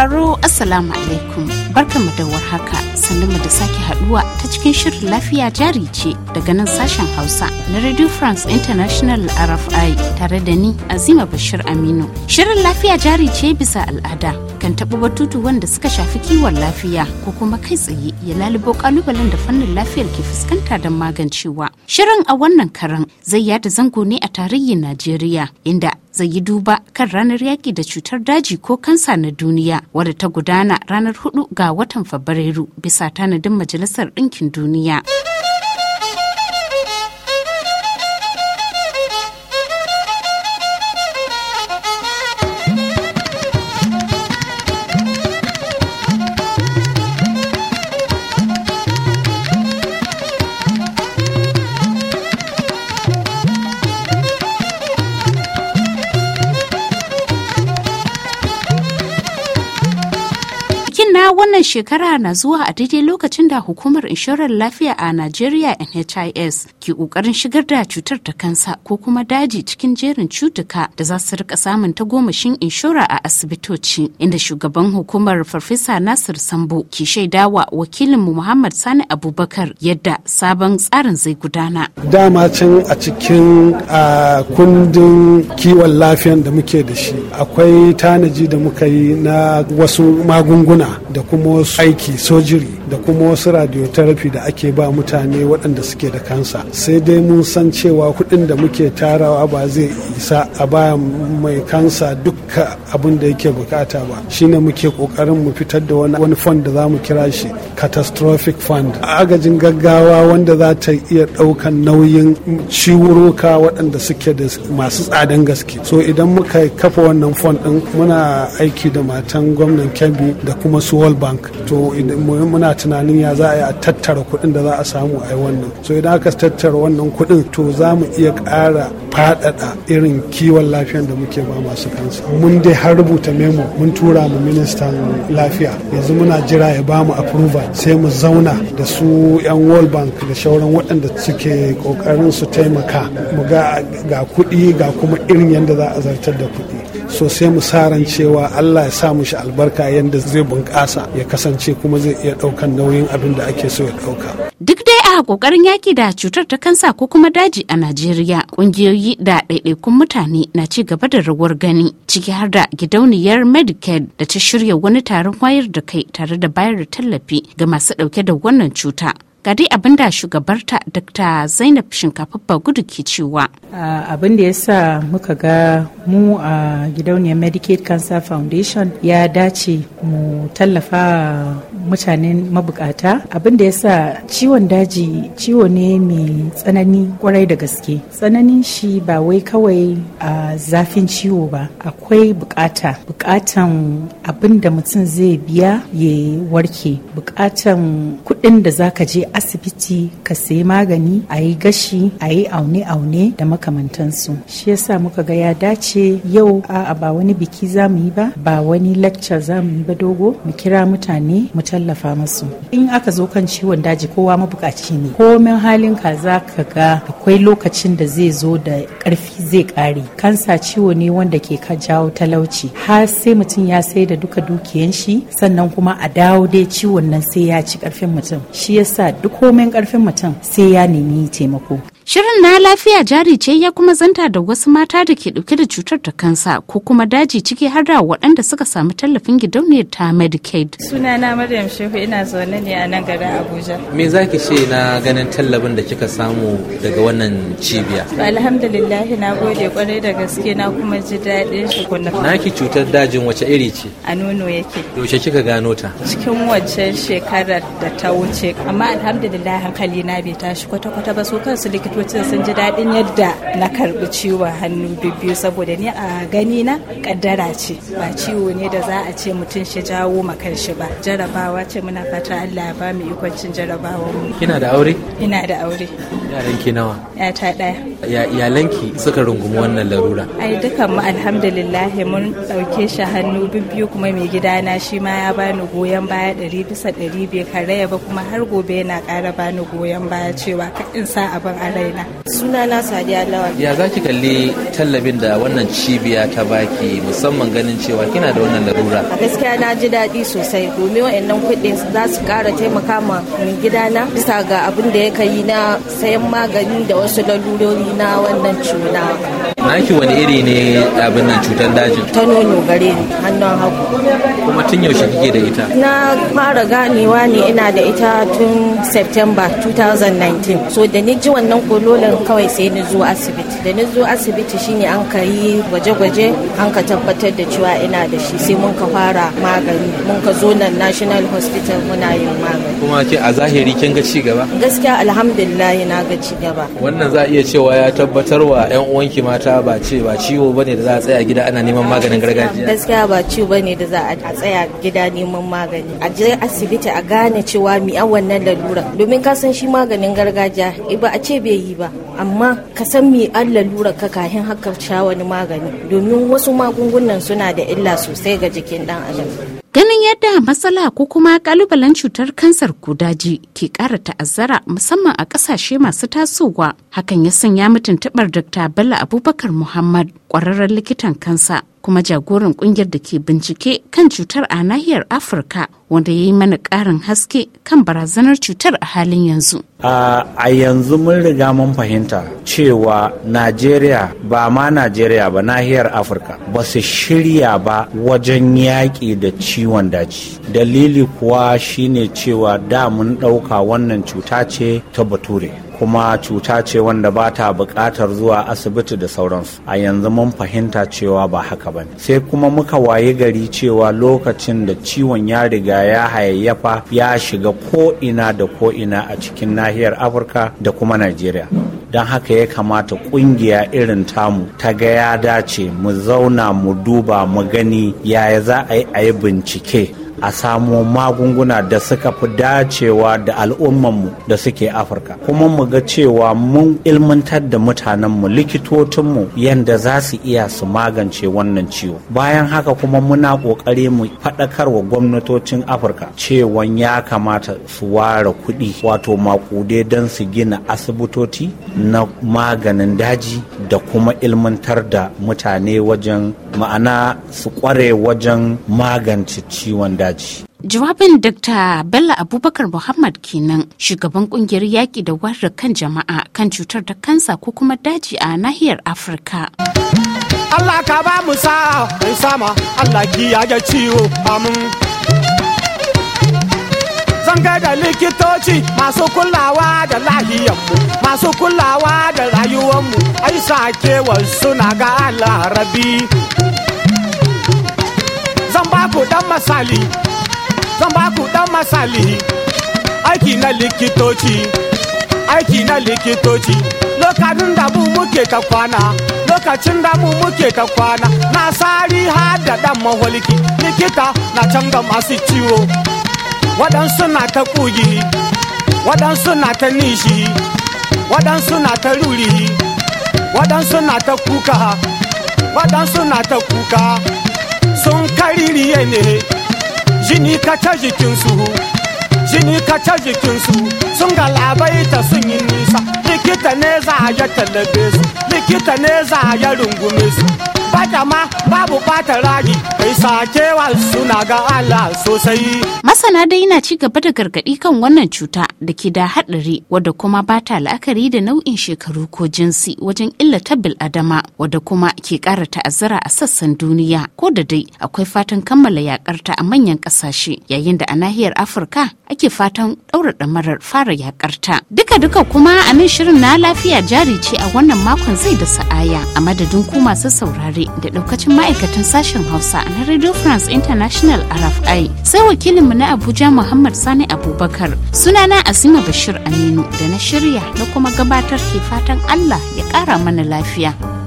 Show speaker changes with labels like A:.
A: sauraro Assalamu alaikum barkanmu da warhaka mu da sake haduwa ta cikin shirin lafiya jari ce daga nan sashen Hausa na Radio France International RFI tare da ni Azima Bashir Aminu. Shirin lafiya jari ce bisa al'ada kan taɓa batutu wanda suka shafi kiwon lafiya ko kuma kai tsaye ya lalubo kalubalen da fannin lafiyar ke fuskanta don magancewa. Shirin a wannan karan zai yada zango ne a tarihin Najeriya inda zai yi duba kan ranar yaƙi da cutar daji ko kansa na duniya wadda ta gudana ranar 4 ga watan Fabrairu bisa tanadin Majalisar Ɗinkin Duniya. na wannan shekara na zuwa a daidai lokacin da hukumar inshorar lafiya a Najeriya NHIS ke kokarin shigar da cutar ta kansa ko kuma daji cikin jerin cutuka da za su rika samun ta tagomashin inshora a asibitoci inda shugaban hukumar Farfesa Nasir Sambo ke shaidawa mu Muhammad Sani Abubakar yadda sabon tsarin zai gudana.
B: Dama can a cikin kundin kiwon lafiyan da muke da shi akwai tanaji da muka yi na wasu magunguna da kuma wasu aiki sojiri da kuma wasu radiotherapy da ake ba mutane waɗanda suke da kansa sai dai mun san cewa kuɗin da muke tarawa ba zai isa a baya mai kansa dukka abin da yake bukata ba shine muke ƙoƙarin mu fitar da wani fund da za mu kira shi catastrophic fund agajin gaggawa wanda za ta iya ɗaukan nauyin ciwuruka waɗanda suke da masu tsadan gaske so idan muka kafa wannan fund ɗin muna aiki da matan gwamnan kebbi da kuma su world bank to muna tunanin ya za a yi a tattara kuɗin da za a samu a yi wannan so idan aka tattara wannan kuɗin to za mu iya ƙara faɗaɗa irin kiwon lafiyan da muke ba masu kansa mun dai har rubuta memo mun tura mu ministan lafiya yanzu muna jira ya ba mu approval sai mu zauna da su yan world bank da shauran waɗanda suke ƙoƙarin su taimaka mu ga kuɗi ga kuma irin yadda za a zartar da kuɗi so sai mu saran cewa Allah ya sa mu shi albarka yadda zai bunƙasa ya kasance kuma zai iya ɗaukan nauyin abin da ake so ya ɗauka.
A: Duk dai a kokarin yaki da cutar ta kansa ko kuma daji a Najeriya ƙungiyoyi da ɗaiɗaikun mutane na ci gaba da rawar gani ciki har da gidauniyar Medicaid da ta shirya wani taron wayar da kai tare da bayar da tallafi ga masu ɗauke da wannan cuta. ga dai abin da shugabarta dr zainab shinkafa gudu ke cewa abin da ya sa muka ga mu a
C: gidauniyar medicaid cancer foundation ya dace mu tallafa mutanen mabukata abin da ya sa ciwon daji ciwo ne mai tsanani kwarai da gaske tsananin shi ba wai kawai a zafin ciwo ba akwai bukata bukatan abin da mutum zai biya ya warke bukatan kudin da zaka je asibiti ka sayi magani a yi gashi a yi aune-aune da makamantansu shi yasa muka ga ya dace yau a ba wani biki za mu yi ba ba wani lecture za mu yi ba dogo mu kira mutane mu tallafa musu in aka zo kan ciwon daji kowa mabukaci ne komen halin ka za ka ga akwai lokacin da zai zo da karfi zai kare kansa ciwo ne wanda ke ka jawo talauci har sai mutum ya sai da duka dukiyan shi sannan kuma a dawo dai ciwon nan sai ya ci karfin mutum shi yasa duk komen karfin mutum sai ya nemi taimako
A: Shirin na lafiya jari ce ya kuma zanta da wasu mata da ke dauke da cutar ta kansa ko kuma daji ciki har da waɗanda suka samu tallafin gidauniyar ta Medicaid.
D: Sunana Maryam Shehu ina zaune ne a nan garin Abuja.
E: Me zaki ce na ganin tallafin da kika samu daga wannan cibiya?
D: Alhamdulillah na gode kwarai da gaske na kuma ji daɗin shi Naki
E: cutar dajin wace iri ce?
D: A nono yake.
E: Yaushe kika gano ta?
D: Cikin wacce shekarar da ta wuce amma alhamdulillah hankali na bai tashi kwata-kwata ba su kansu likita. likitocin sun ji daɗin yadda na karɓi ciwon hannu biyu saboda ni a gani na kaddara ce ba ciwo ne da za a ce mutum shi jawo ma kanshi ba jarabawa ce muna fata Allah ya ba mu ikoncin jarabawa mu kina da aure ina da aure
E: yaran ki nawa ya ta ya iyalanki suka rungumi wannan larura
D: ai dukan mu alhamdulillah mun dauke shi hannu biyu kuma mai gida na. shi ma ya bani goyon baya ɗari bisa ɗari bai karaya ba kuma har gobe yana ƙara bani goyon baya cewa in sa abin a raina sunana sadiya lawal
E: ya za ki kalli tallabin da wannan cibiya ta baki musamman ganin cewa kina da wannan larura A
D: gaskiya na ji daɗi sosai domin wa'annan kuɗin za su ƙara taimaka ma mai gidana bisa ga abin da ya kai na sayan magani da wasu lalurori na wannan cuta
E: naki wani iri ne abin nan cutar dajin ta
D: nono gare ni hannun hagu
E: kuma tun yaushe kike da ita
D: na fara ganewa ne ina da ita tun september 2019 so da ni ji wannan lolan kawai sai ni zo asibiti da ni zo asibiti shine an ka yi gwaje-gwaje an ka tabbatar da cewa ina da shi sai mun ka fara magani mun ka zo nan national hospital muna yin magani
E: kuma ke a zahiri kin ga ci gaba
D: gaskiya alhamdulillah na ga ci
E: wannan za iya cewa ya tabbatar wa yan uwanki mata ba ce ba ciwo bane da za a tsaya gida ana neman maganin gargajiya
D: gaskiya ba ciwo bane da za a tsaya gida neman magani a je asibiti a gane cewa mi wannan lalura domin ka san shi maganin gargajiya ba a ce bai yi ba amma ka san me allah lura ka kahin haka sha wani magani domin wasu magungunan suna da illa sosai ga jikin dan adam
A: ganin yadda matsala ko kuma kalubalen cutar kansar daji ke kara ta'azzara musamman a kasashe masu tasowa hakan ya sanya mutuntubar dr bello abubakar muhammad kwararren likitan kansa kuma jagoran kungiyar da ke bincike kan cutar a nahiyar afirka wanda ya yi mana ƙarin haske kan barazanar cutar a halin yanzu
F: a yanzu mun riga mun fahimta cewa najeriya ba ma najeriya ba nahiyar afirka ba su shirya ba wajen yaƙi da ciwon daji dalili kuwa shine cewa da mun ɗauka wannan cuta ce ta bature kuma cuta ce wanda ba ta buƙatar zuwa asibiti da sauransu a yanzu mun fahimta cewa ba haka ba ne. sai kuma muka wayi gari cewa lokacin da ciwon ya riga ya hayayyafa ya shiga ko ina da ko ina a cikin nahiyar afirka da kuma najeriya don haka ya kamata kungiya irin tamu ta ga ya dace mu zauna mu duba mu gani yaya za a yi a yi bincike a samo magunguna da suka fi dacewa da al'ummanmu da suke afirka kuma mu ga cewa mun ilmantar da mutanenmu likitocinmu yadda za su iya su magance wannan ciwo bayan haka kuma muna ƙoƙari mu faɗakarwa gwamnatocin afirka cewa ya kamata su ware kuɗi wato makude don su gina asibitoci na maganin daji da kuma ilmantar da mutane wajen ma'ana su ƙware wajen magance ciwon daji daji.
A: Jawabin Dr. Bello Abubakar Muhammad kenan shugaban kungiyar yaƙi da wayar kan jama'a kan cutar da kansa ko kuma daji a nahiyar Afirka.
E: Allah ka ba mu sa'a mai sama Allah ga ciwo amin. Zan da likitoci masu kulawa da mu masu kulawa da rayuwarmu ai kewar suna ga larabi. baku dan masali zan baku dan masali aiki na likitoci aiki na likitoci lokacin da mu muke ta kwana lokacin da mu muke ta kwana na sari har da dan maholiki likita na can ga masu ciwo waɗansu na ta kugi waɗansu na ta nishi waɗansu na ta ruri waɗansu na ta kuka waɗansu na ta kuka sun kaririye ne jini ka ta jikinsu jini ka ta jikinsu sun galabaita sun yi nisa likita ne za a ya talabe su likita ne za a ya rungume su ba ma babu ɓata ragi kai suna ga Allah sosai. Masana dai na ci gaba
A: da gargaɗi kan wannan cuta da ke da haɗari wadda kuma ba ta la'akari da nau'in shekaru ko jinsi wajen illata bil adama wadda kuma ke ƙara ta'azzara a sassan duniya ko da dai akwai fatan kammala yakarta a manyan ƙasashe yayin da a nahiyar Afirka ake fatan ɗaura ɗamarar fara yakarta. Duka-duka kuma a nan shirin na lafiya jari ce a wannan makon zai da sa'aya a madadin ku masu saurare da ɗaukacin ma'aikata. ma'aikatan sashen Hausa na Radio France International RFI sai wakilinmu na Abuja Muhammad Sani Abubakar sunana Asima Bashir Aminu da na shirya na kuma gabatar ke fatan Allah ya ƙara mana lafiya.